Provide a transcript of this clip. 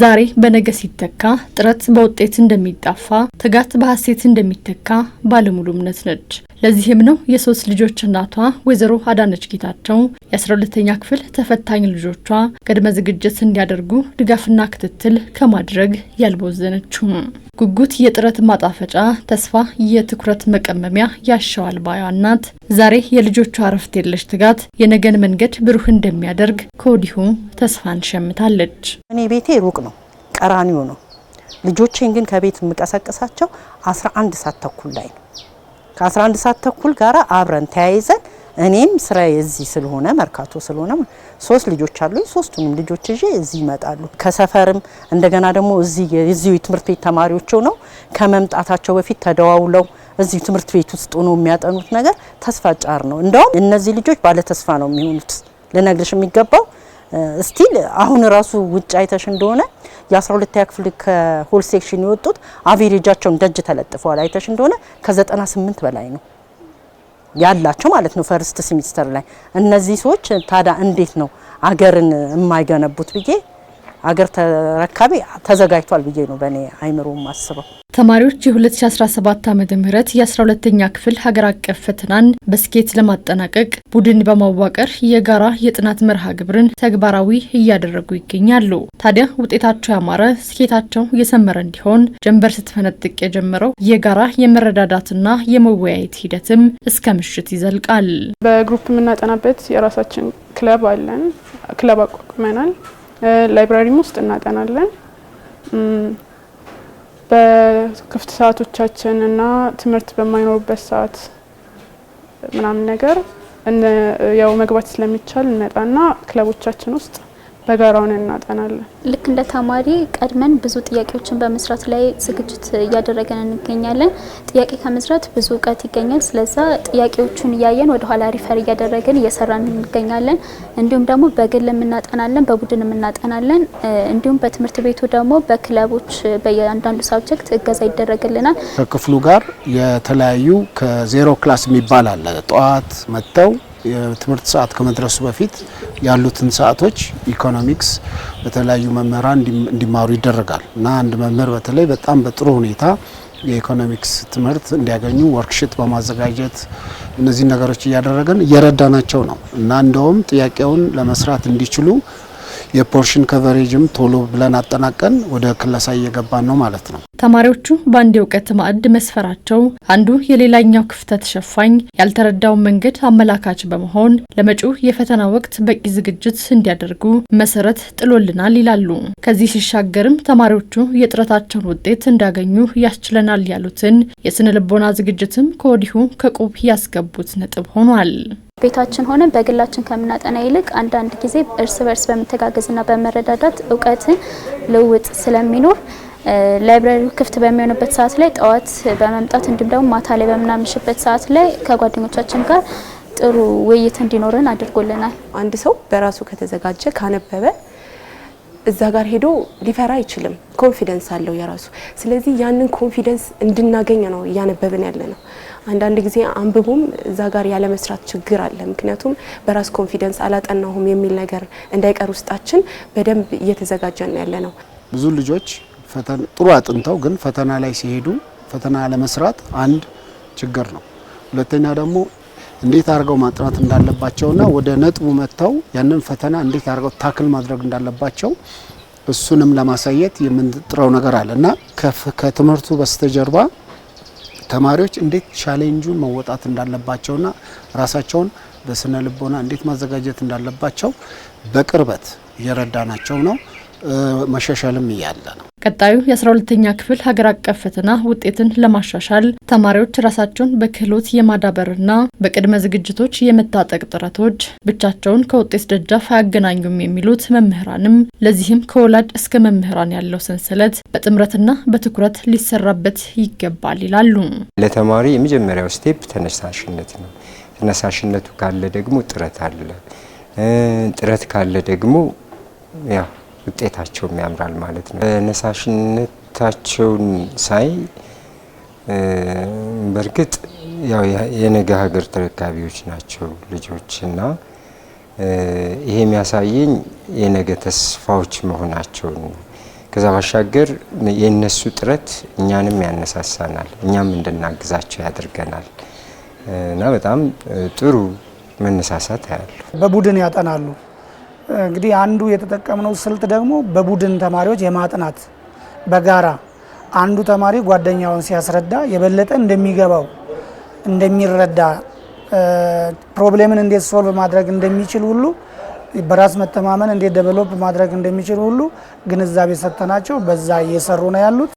ዛሬ በነገ ሲተካ ጥረት በውጤት እንደሚጣፋ ትጋት በሀሴት እንደሚተካ ባለሙሉ እምነት ነች። ለዚህም ነው የሶስት ልጆች እናቷ ወይዘሮ አዳነች ጌታቸው የአስራ ሁለተኛ ክፍል ተፈታኝ ልጆቿ ቅድመ ዝግጅት እንዲያደርጉ ድጋፍና ክትትል ከማድረግ ያልቦዘነችው። ጉጉት የጥረት ማጣፈጫ ተስፋ የትኩረት መቀመሚያ ያሸዋል ባያ እናት ዛሬ የልጆቹ አረፍት የለሽ ትጋት የነገን መንገድ ብሩህ እንደሚያደርግ ከወዲሁ ተስፋን ሸምታለች። እኔ ቤቴ ሩቅ ነው፣ ቀራኒው ነው። ልጆቼን ግን ከቤት የምቀሰቅሳቸው 11 ሰዓት ተኩል ላይ ነው። ከ11 ሰዓት ተኩል ጋር አብረን ተያይዘን እኔም ስራ እዚህ ስለሆነ መርካቶ ስለሆነ ሶስት ልጆች አሉ። ሶስቱንም ልጆች ይዤ እዚህ ይመጣሉ። ከሰፈርም እንደገና ደግሞ እዚህ የዚሁ ትምህርት ቤት ተማሪዎቹ ነው ከመምጣታቸው በፊት ተደዋውለው እዚህ ትምህርት ቤት ውስጥ ሆኖ የሚያጠኑት ነገር ተስፋ ጫር ነው። እንደውም እነዚህ ልጆች ባለ ተስፋ ነው የሚሆኑት። ልነግርሽ የሚገባው ስቲል አሁን ራሱ ውጭ አይተሽ እንደሆነ የ12ኛ ክፍል ከሆል ሴክሽን የወጡት አቬሬጃቸውን ደጅ ተለጥፈዋል። አይተሽ እንደሆነ ከ98 በላይ ነው። ያላቸው ማለት ነው ፈርስት ሲሚስተር ላይ እነዚህ ሰዎች ታዲያ እንዴት ነው አገርን የማይገነቡት ብዬ አገር ተረካቢ ተዘጋጅቷል ብዬ ነው በእኔ አይምሮ አስበው። ተማሪዎች የ2017 ዓ ም የ12ኛ ክፍል ሀገር አቀፍ ፈተናን በስኬት ለማጠናቀቅ ቡድን በማዋቀር የጋራ የጥናት መርሃ ግብርን ተግባራዊ እያደረጉ ይገኛሉ። ታዲያ ውጤታቸው ያማረ ስኬታቸው የሰመረ እንዲሆን ጀንበር ስትፈነጥቅ የጀመረው የጋራ የመረዳዳትና የመወያየት ሂደትም እስከ ምሽት ይዘልቃል። በግሩፕ የምናጠናበት የራሳችን ክለብ አለን። ክለብ አቋቁመናል። ላይብራሪም ውስጥ እናጠናለን። በክፍት ሰዓቶቻችን እና ትምህርት በማይኖሩበት ሰዓት ምናምን ነገር ያው መግባት ስለሚቻል እንመጣና ክለቦቻችን ውስጥ በጋራውን እናጠናለን። ልክ እንደ ተማሪ ቀድመን ብዙ ጥያቄዎችን በመስራት ላይ ዝግጅት እያደረገን እንገኛለን። ጥያቄ ከመስራት ብዙ እውቀት ይገኛል። ስለዛ ጥያቄዎቹን እያየን ወደ ኋላ ሪፈር እያደረግን እየሰራን እንገኛለን። እንዲሁም ደግሞ በግልም እናጠናለን፣ በቡድንም እናጠናለን። እንዲሁም በትምህርት ቤቱ ደግሞ በክለቦች በየአንዳንዱ ሳብጀክት እገዛ ይደረግልናል። ከክፍሉ ጋር የተለያዩ ከዜሮ ክላስ የሚባል አለ ጠዋት መጥተው የትምህርት ሰዓት ከመድረሱ በፊት ያሉትን ሰዓቶች ኢኮኖሚክስ በተለያዩ መምህራን እንዲማሩ ይደረጋል እና አንድ መምህር በተለይ በጣም በጥሩ ሁኔታ የኢኮኖሚክስ ትምህርት እንዲያገኙ ወርክሽት በማዘጋጀት እነዚህ ነገሮች እያደረገን እየረዳናቸው ነው እና እንደውም ጥያቄውን ለመስራት እንዲችሉ የፖርሽን ከቨሬጅም ቶሎ ብለን አጠናቀን ወደ ክለሳ እየገባን ነው ማለት ነው። ተማሪዎቹ በአንድ የእውቀት ማዕድ መስፈራቸው አንዱ የሌላኛው ክፍተት ሸፋኝ ያልተረዳውን መንገድ አመላካች በመሆን ለመጪው የፈተና ወቅት በቂ ዝግጅት እንዲያደርጉ መሰረት ጥሎልናል ይላሉ። ከዚህ ሲሻገርም ተማሪዎቹ የጥረታቸውን ውጤት እንዳገኙ ያስችለናል ያሉትን የስነ ልቦና ዝግጅትም ከወዲሁ ከቁብ ያስገቡት ነጥብ ሆኗል። ቤታችን ሆነን በግላችን ከምናጠና ይልቅ አንዳንድ ጊዜ እርስ በርስ በመተጋገዝና በመረዳዳት እውቀትን ልውውጥ ስለሚኖር ላይብራሪው ክፍት በሚሆንበት ሰዓት ላይ ጠዋት በመምጣት እንዲሁም ደግሞ ማታ ላይ በምናመሽበት ሰዓት ላይ ከጓደኞቻችን ጋር ጥሩ ውይይት እንዲኖረን አድርጎልናል። አንድ ሰው በራሱ ከተዘጋጀ ካነበበ እዛ ጋር ሄዶ ሊፈራ አይችልም። ኮንፊደንስ አለው የራሱ። ስለዚህ ያንን ኮንፊደንስ እንድናገኝ ነው እያነበብን ያለ ነው። አንዳንድ ጊዜ አንብቦም እዛ ጋር ያለመስራት ችግር አለ። ምክንያቱም በራስ ኮንፊደንስ አላጠናሁም የሚል ነገር እንዳይቀር ውስጣችን በደንብ እየተዘጋጀን ያለ ነው ብዙ ልጆች ፈተና ጥሩ አጥንተው ግን ፈተና ላይ ሲሄዱ ፈተና ለመስራት አንድ ችግር ነው። ሁለተኛ ደግሞ እንዴት አድርገው ማጥናት እንዳለባቸውና ወደ ነጥቡ መጥተው ያንን ፈተና እንዴት አድርገው ታክል ማድረግ እንዳለባቸው እሱንም ለማሳየት የምንጥረው ነገር አለ እና ከትምህርቱ በስተጀርባ ተማሪዎች እንዴት ቻሌንጁን መወጣት እንዳለባቸውና ራሳቸውን በስነ ልቦና እንዴት ማዘጋጀት እንዳለባቸው በቅርበት እየረዳናቸው ነው። መሻሻልም እያለ ነው። ቀጣዩ የ12ተኛ ክፍል ሀገር አቀፍ ፈተና ውጤትን ለማሻሻል ተማሪዎች ራሳቸውን በክህሎት የማዳበርና በቅድመ ዝግጅቶች የመታጠቅ ጥረቶች ብቻቸውን ከውጤት ደጃፍ አያገናኙም የሚሉት መምህራንም ለዚህም ከወላጅ እስከ መምህራን ያለው ሰንሰለት በጥምረትና በትኩረት ሊሰራበት ይገባል ይላሉ። ለተማሪ የመጀመሪያው ስቴፕ ተነሳሽነት ነው። ተነሳሽነቱ ካለ ደግሞ ጥረት አለ። ጥረት ካለ ደግሞ ያው ውጤታቸውም ያምራል ማለት ነው። ተነሳሽነታቸውን ሳይ በእርግጥ ያው የነገ ሀገር ተረካቢዎች ናቸው ልጆች እና ይሄ የሚያሳየኝ የነገ ተስፋዎች መሆናቸውን ነው። ከዛ ባሻገር የእነሱ ጥረት እኛንም ያነሳሳናል፣ እኛም እንድናግዛቸው ያደርገናል እና በጣም ጥሩ መነሳሳት አያሉ በቡድን ያጠናሉ እንግዲህ አንዱ የተጠቀምነው ስልት ደግሞ በቡድን ተማሪዎች የማጥናት በጋራ አንዱ ተማሪ ጓደኛውን ሲያስረዳ የበለጠ እንደሚገባው እንደሚረዳ ፕሮብሌምን እንዴት ሶልቭ ማድረግ እንደሚችል ሁሉ በራስ መተማመን እንዴት ደቨሎፕ ማድረግ እንደሚችል ሁሉ ግንዛቤ ሰጥተናቸው በዛ እየሰሩ ነው ያሉት።